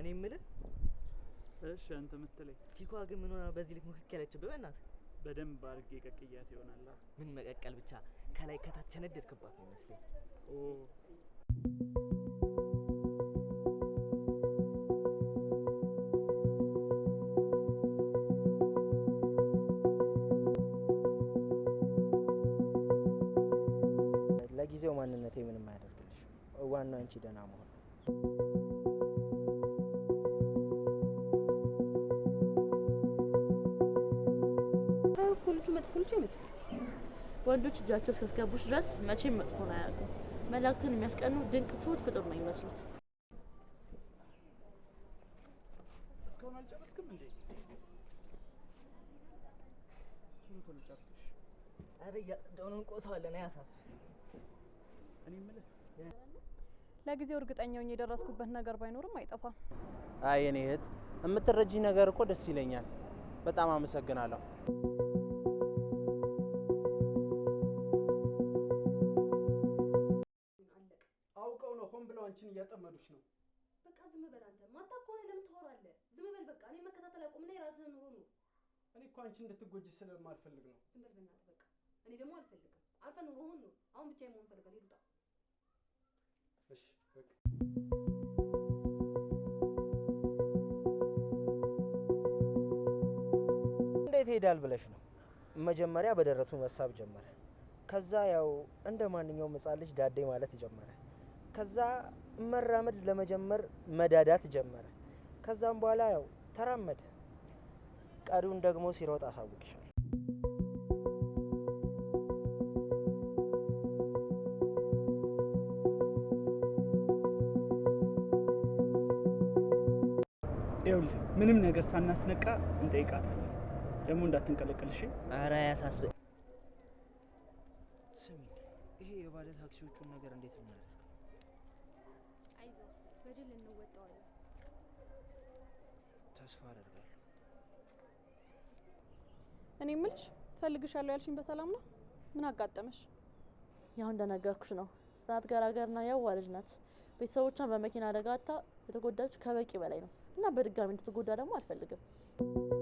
እኔ የምልህ እሺ፣ አንተ የምትለኝ ቺኳ ግን ምን ሆና በዚህ ልክ ምክክ ያለችብህ? በእናትህ በደንብ አድርጌ ቀቅያት ይሆናል። ምን መቀቀል ብቻ ከላይ ከታች ነደድክባት ነው ይመስለኝ። ኦ ለጊዜው ማንነቴ ምንም አያደርግልሽ። ዋናው አንቺ ደህና መሆን ልጁ መጥፎ ልጅ አይመስልም። ወንዶች እጃቸው እስካስገቡች ድረስ መቼም መጥፎን አያውቁም። መላእክትን የሚያስቀኑ ድንቅ ትሁት ፍጡር ነው የሚመስሉት። ለጊዜው እርግጠኛው የደረስኩበት ነገር ባይኖርም አይጠፋም። አይ የኔ እህት፣ የምትረጂ ነገር እኮ ደስ ይለኛል። በጣም አመሰግናለሁ። በቃ ዝም በል አንተ። ማታ ከሆነ ለምን ታወራለህ? ዝም በል በቃ። እኔ መከታተል አቁምና የራስህን ኑሮ ኑር። እኔ እኮ አንቺ እንድትጎጂ ስለማልፈልግ ነው። ዝም በል በእናትህ በቃ። እኔ ደግሞ አልፈልግም። አልፈ ኑሮህን ኑር። አሁን ብቻ መሆን ፈልጋል። ሂዱጣ። እሺ በቃ እንዴት ይሄዳል ብለሽ ነው? መጀመሪያ በደረቱ መሳብ ጀመረ። ከዛ ያው እንደ ማንኛውም ሕፃን ልጅ ዳዴ ማለት ጀመረ። ከዛ መራመድ ለመጀመር መዳዳት ጀመረ። ከዛም በኋላ ያው ተራመደ። ቀሪውን ደግሞ ሲሮጥ አሳውቅሻል። ይኸውልህ ምንም ነገር ሳናስነቃ እንጠይቃታለን። ደግሞ እንዳትንቀለቀልሽ። ኧረ ያሳስበ ስሚ፣ ይሄ የባለ ታክሲዎቹን ነገር እንዴት እናደርግ? አይዞ በድል እንወጣዋለን። ተስፋ አደርጋለሁ። እኔ ምልሽ ፈልግሻለሁ ያልሽኝ በሰላም ነው? ምን አጋጠመሽ? ያው እንደነገርኩሽ ነው። ጽናት ገራገርና የዋህ ልጅ ናት። ቤተሰቦቿን በመኪና አደጋ አጥታ የተጎዳች ከበቂ በላይ ነው እና በድጋሚ እንድትጎዳ ደግሞ አልፈልግም።